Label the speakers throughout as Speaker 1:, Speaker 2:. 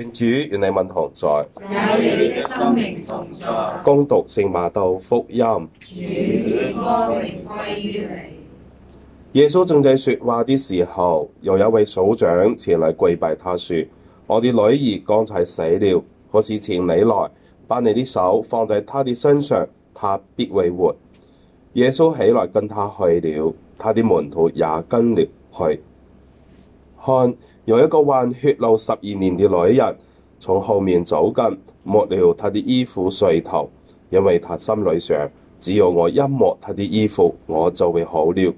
Speaker 1: 願主願你們同在，有你的心靈同在。恭讀聖馬竇福音。耶穌正在說話的時候，又有一位首長前來跪拜他說：我的女兒剛才死了，可是請你來，把你的手放在她的身上，她必會活。耶穌起來跟他去了，他的門徒也跟了去。看，有一個患血漏十二年嘅女人從後面走近，摸了她的衣服碎頭，因為她心裏想：只要我一摸她的衣服，我就會好了。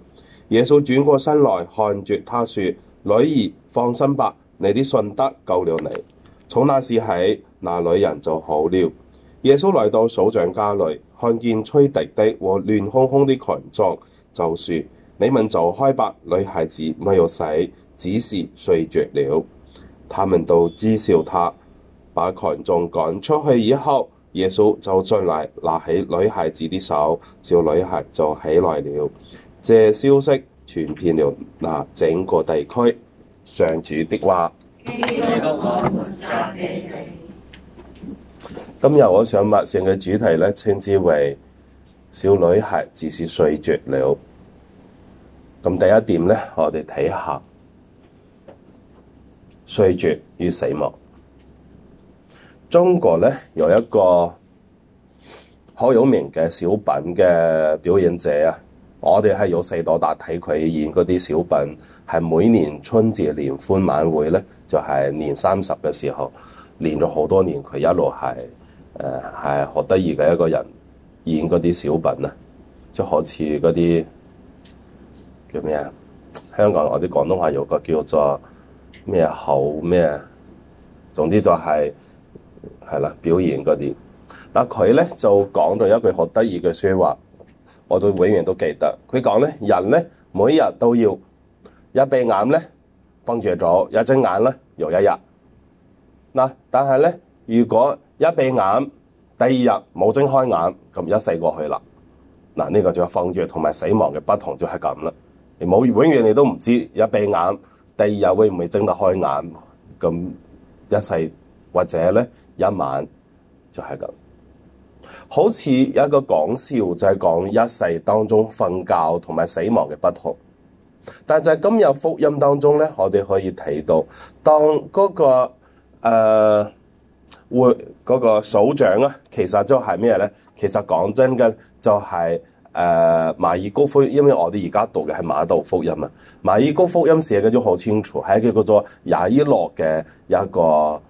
Speaker 1: 耶穌轉過身來看住她說：女兒，放心吧，你的信德救了你。從那時起，那女人就好了。耶穌來到首長家裏，看見吹笛的和亂哄哄的群眾，就說。你們就開吧，女孩子沒有死，只是睡着了。他們都嗤笑他。把群眾趕出去以後，耶穌就進來拿起女孩子的手，小女孩就起來了。這消息傳遍了那整個地區。上主的話。今日我想默想嘅主題咧，稱之為小女孩只是睡着了。咁第一點咧，我哋睇下睡覺與死亡。中國咧，有一個好有名嘅小品嘅表演者啊，我哋係由細到大睇佢演嗰啲小品，係每年春節聯歡晚會咧，就係、是、年三十嘅時候，連咗好多年，佢一路係誒係好得意嘅一個人演嗰啲小品啊，即好似嗰啲。叫咩啊？香港我啲廣東話有個叫做咩口咩，總之就係係啦，表演嗰啲。嗱佢咧就講到一句好得意嘅説話，我都永遠都記得。佢講咧，人咧每日都要一閉眼咧瞓着咗，一睜眼咧又一日。嗱，但係咧，如果一閉眼第二日冇睜開眼，咁一世過去啦。嗱，呢個就係瞓着同埋死亡嘅不同就係咁啦。冇永遠，你都唔知一閉眼第二日會唔會睜得開眼咁一世，或者咧一晚就係咁。好似有一個講笑就係、是、講一世當中瞓覺同埋死亡嘅不同，但就係今日福音當中咧，我哋可以睇到當嗰、那個誒會嗰個數長啊，其實就係咩咧？其實講真嘅就係。誒、uh, 馬爾谷福音，因為我哋而家讀嘅係馬道福音啊。馬爾谷福音寫嘅都好清楚，係佢叫做「雅伊洛嘅一個誒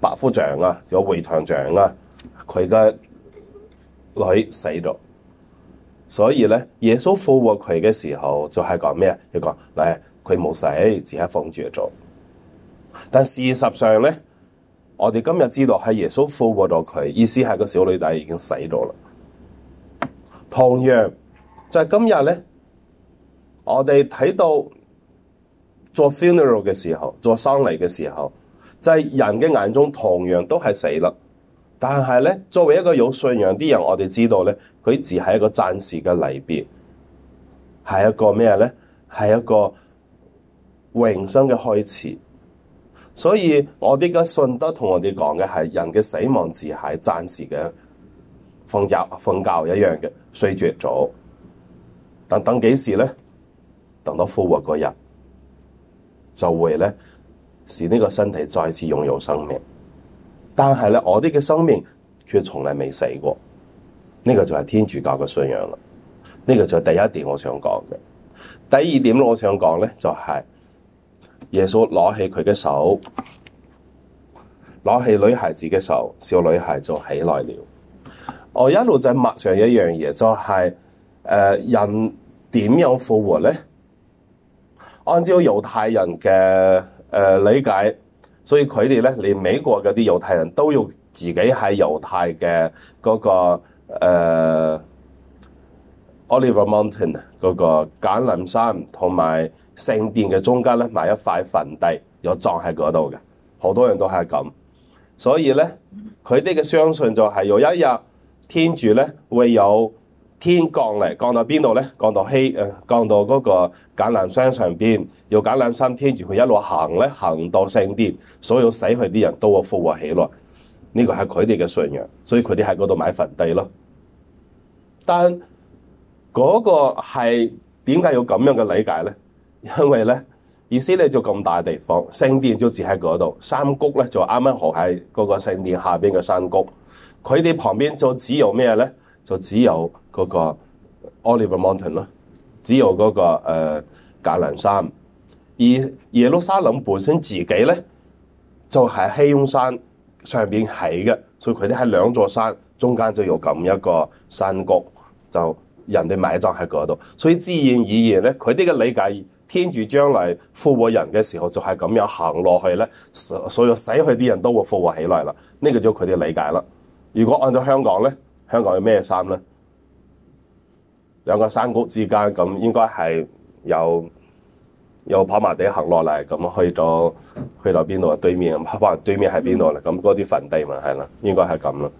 Speaker 1: 百、uh, 夫長啊，叫會堂長啊，佢嘅女死咗。所以咧，耶穌復活佢嘅時候就係講咩？佢講：嚟佢冇死，只係放住咗。但事實上咧，我哋今日知道係耶穌復活咗佢，意思係個小女仔已經死咗啦。同樣，就係今日咧，我哋睇到做 funeral 嘅時候，做喪禮嘅時候，就係人嘅眼中同樣都係死啦。但係咧，作為一個有信仰啲人，我哋知道咧，佢只係一個暫時嘅離別，係一個咩咧？係一個永生嘅開始。所以我哋嘅信德同我哋講嘅係人嘅死亡只係暫時嘅瞓覺，瞓覺一樣嘅。睡著咗，但等幾時咧？等到復活嗰日，就會咧，使呢個身體再次擁有生命。但係咧，我哋嘅生命卻從來未死過。呢、這個就係天主教嘅信仰啦。呢、這個就係第一點我想講嘅。第二點我想講咧就係、是、耶穌攞起佢嘅手，攞起女孩子嘅手，小女孩就起來了。我一路就默想一樣嘢，就係、是、誒、呃、人點樣復活咧？按照猶太人嘅誒、呃、理解，所以佢哋咧，連美國嗰啲猶太人都要自己喺猶太嘅嗰、那個、呃、Oliver Mountain 嗰個橄欖山同埋聖殿嘅中間咧買一塊墳地，又葬喺嗰度嘅好多人都係咁，所以咧佢哋嘅相信就係有一日。天主咧會有天降嚟，降到邊度咧？降到希誒、呃，降到嗰個橄欖山上邊，由橄欖山天主佢一路行咧，行到聖殿，所有死去啲人都會復活起來。呢、這個係佢哋嘅信仰，所以佢哋喺嗰度買墳地咯。但嗰、那個係點解要咁樣嘅理解咧？因為咧。意思咧就咁大地方，聖殿就只喺嗰度，山谷咧就啱啱好喺嗰個聖殿下邊嘅山谷。佢哋旁邊就只有咩咧？就只有嗰個 Oliver Mountain 咯，只有嗰、嗰個誒橄欖山。而耶路撒冷本身自己咧，就喺希翁山上邊起嘅，所以佢哋喺兩座山中間就有咁一個山谷，就人哋埋葬喺嗰度。所以自然而然咧，佢哋嘅理解。天主將來復活人嘅時候就，就係咁樣行落去咧，所所有死去啲人都會復活起來啦。呢、呢個就佢哋理解啦。如果按照香港咧，香港有咩山咧？兩個山谷之間咁，應該係有有跑馬地行落嚟咁去咗去到邊度啊？對面，可能對面係邊度咧？咁嗰啲墳地咪係啦，應該係咁啦。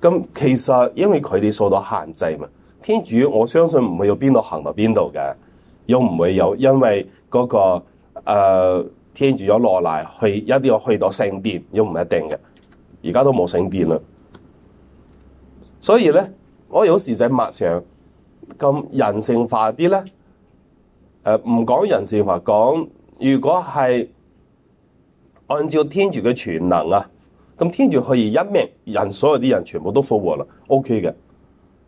Speaker 1: 咁其實因為佢哋受到限制嘛，天主我相信唔會有邊度行到邊度嘅。又唔會有，因為嗰、嗰個、呃、天主咗落嚟，去一定要去到聖殿，又唔一定嘅。而家都冇聖殿啦，所以咧，我有時就默想，咁人性化啲咧，誒唔講人性化，講如果係按照天主嘅全能啊，咁天主去而一命人所有啲人全部都復活啦，OK 嘅。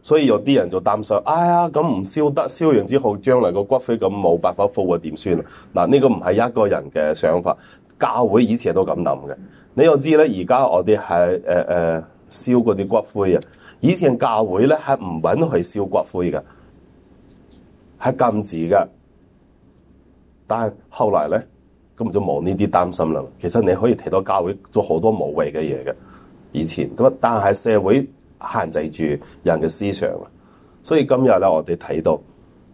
Speaker 1: 所以有啲人就擔心，哎呀，咁唔燒得，燒完之後將來個骨灰咁冇辦法復活喎點算啊？嗱，呢個唔係一個人嘅想法，教會以前都咁諗嘅。你又知咧，而家我哋係誒誒燒嗰啲骨灰啊。以前教會咧係唔允許燒骨灰嘅，係禁止嘅。但係後來咧，咁就冇呢啲擔心啦。其實你可以睇到教會做好多無謂嘅嘢嘅，以前咁，但係社會限制住人嘅思想啊！所以今日咧，我哋睇到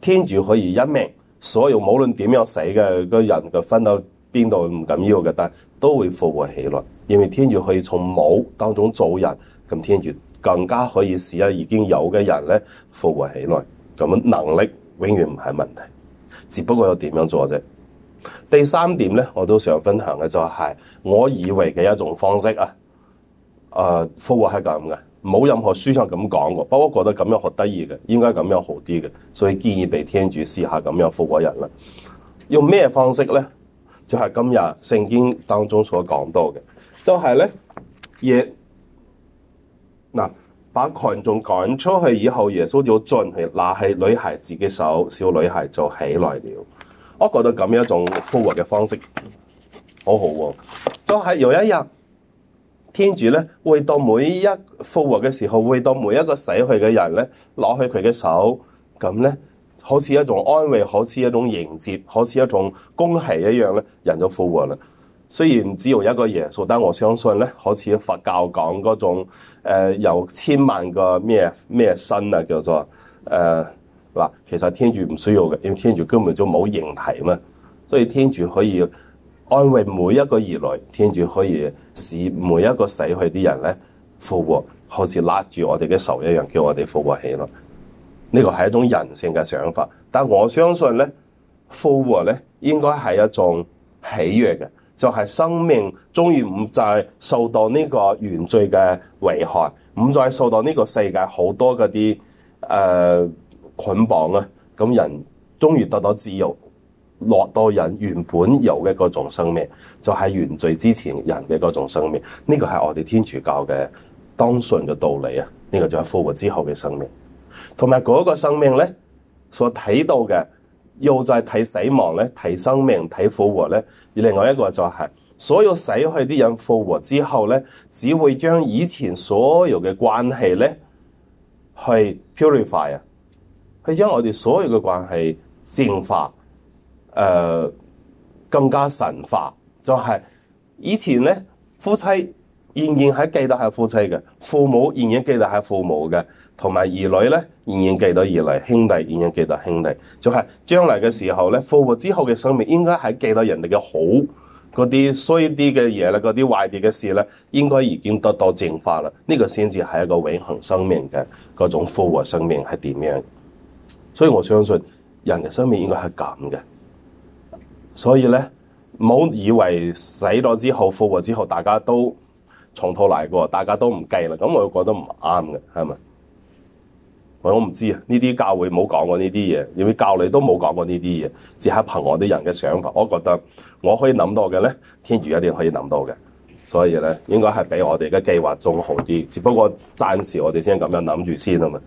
Speaker 1: 天主可以一命，所有無論點樣死嘅個人嘅分到邊度唔緊要嘅，但都會復活起來，因為天主可以從冇當中造人，咁天主更加可以使啊已經有嘅人咧復活起來。咁能力永遠唔係問題，只不過要點樣做啫。第三點咧，我都想分享嘅就係我以為嘅一種方式啊，誒、呃，復活係咁嘅。冇任何書上咁講過，不過我覺得咁樣好得意嘅，應該咁樣好啲嘅，所以建議畀天主試下咁樣復活人啦。用咩方式咧？就係今日聖經當中所講到嘅，就係咧耶嗱，把群眾趕出去以後，耶穌就進去拿起女孩自己手，小女孩就起來了。我覺得咁樣一種復活嘅方式好好喎，就係有一日。天主咧，會到每一復活嘅時候，會到每一個死去嘅人咧，攞去佢嘅手，咁咧好似一種安慰，好似一種迎接，好似一種恭喜一樣咧，人就復活啦。雖然只有一個耶穌，但我相信咧，好似佛教講嗰種有、呃、千萬個咩咩身啊叫做誒嗱、呃，其實天主唔需要嘅，因為天主根本就冇形體嘛，所以天主可以。安慰每一個兒女，天主可以使每一個死去啲人咧復活，好似拉住我哋嘅手一樣，叫我哋復活起嚟。呢個係一種人性嘅想法，但我相信咧，復活咧應該係一種喜悅嘅，就係、是、生命終於唔再受到呢個原罪嘅危害，唔再受到呢個世界好多嗰啲誒捆綁啊，咁人終於得到自由。落到人原本有嘅嗰種生命，就係原罪之前人嘅嗰種生命。呢個係我哋天主教嘅當信嘅道理啊！呢個就係復活之後嘅生命，同埋嗰個生命咧，所睇到嘅又在睇死亡咧，睇生命睇復活咧。而另外一個就係所有死去啲人復活之後咧，只會將以前所有嘅關係咧，去 purify 啊，去將我哋所有嘅關係淨化。誒、呃，更加神化就係以前咧，夫妻仍然係記得係夫妻嘅，父母仍然記得係父母嘅，同埋兒女咧仍然記得兒女，兄弟仍然記得兄弟。就係將來嘅時候咧，復活之後嘅生命應該係記得人哋嘅好，嗰啲衰啲嘅嘢，咧，嗰啲壞啲嘅事咧，應該已經得到淨化啦。呢個先至係一個永恆生命嘅嗰種復活生命係點樣？所以我相信人嘅生命應該係咁嘅。所以咧，唔好以為死咗之後復活之後，大家都重頭嚟過，大家都唔計啦。咁我又覺得唔啱嘅，係咪？我唔知啊，呢啲教會冇講過呢啲嘢，教理都冇講過呢啲嘢，只係憑我啲人嘅想法。我覺得我可以諗到嘅咧，天主一定可以諗到嘅。所以咧，應該係比我哋嘅計劃仲好啲，只不過暫時我哋先咁樣諗住先啊嘛。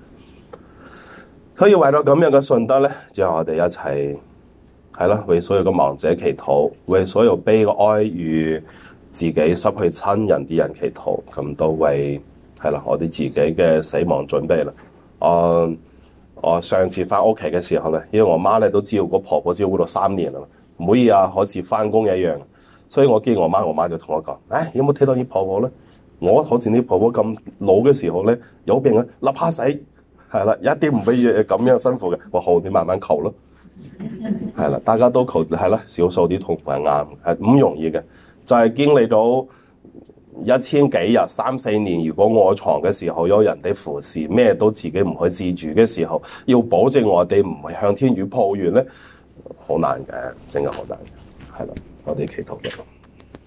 Speaker 1: 所以為咗咁樣嘅信德咧，就我哋一齊。係啦，為所有嘅亡者祈禱，為所有悲哀與自己失去親人啲人祈禱，咁都為係啦我哋自己嘅死亡準備啦。誒、呃，我上次翻屋企嘅時候咧，因為我媽咧都知道個婆婆照顧咗三年啦，每日啊好似翻工一樣，所以我見我媽，我媽就同我講：唉、哎，有冇睇到啲婆婆咧？我好似啲婆婆咁老嘅時候咧，有病啊，立下死，係啦，一啲唔俾咁樣辛苦嘅。我好，你慢慢求咯。係啦，大家都求係啦，少數啲痛苦係啱，係唔容易嘅。就係、是，經歷到一千幾日、三四年，如果卧牀嘅時候有人哋服侍，咩都自己唔去自主嘅時候，要保證我哋唔向天主抱怨咧，好難嘅，真係好難嘅。係啦，我哋祈禱嘅。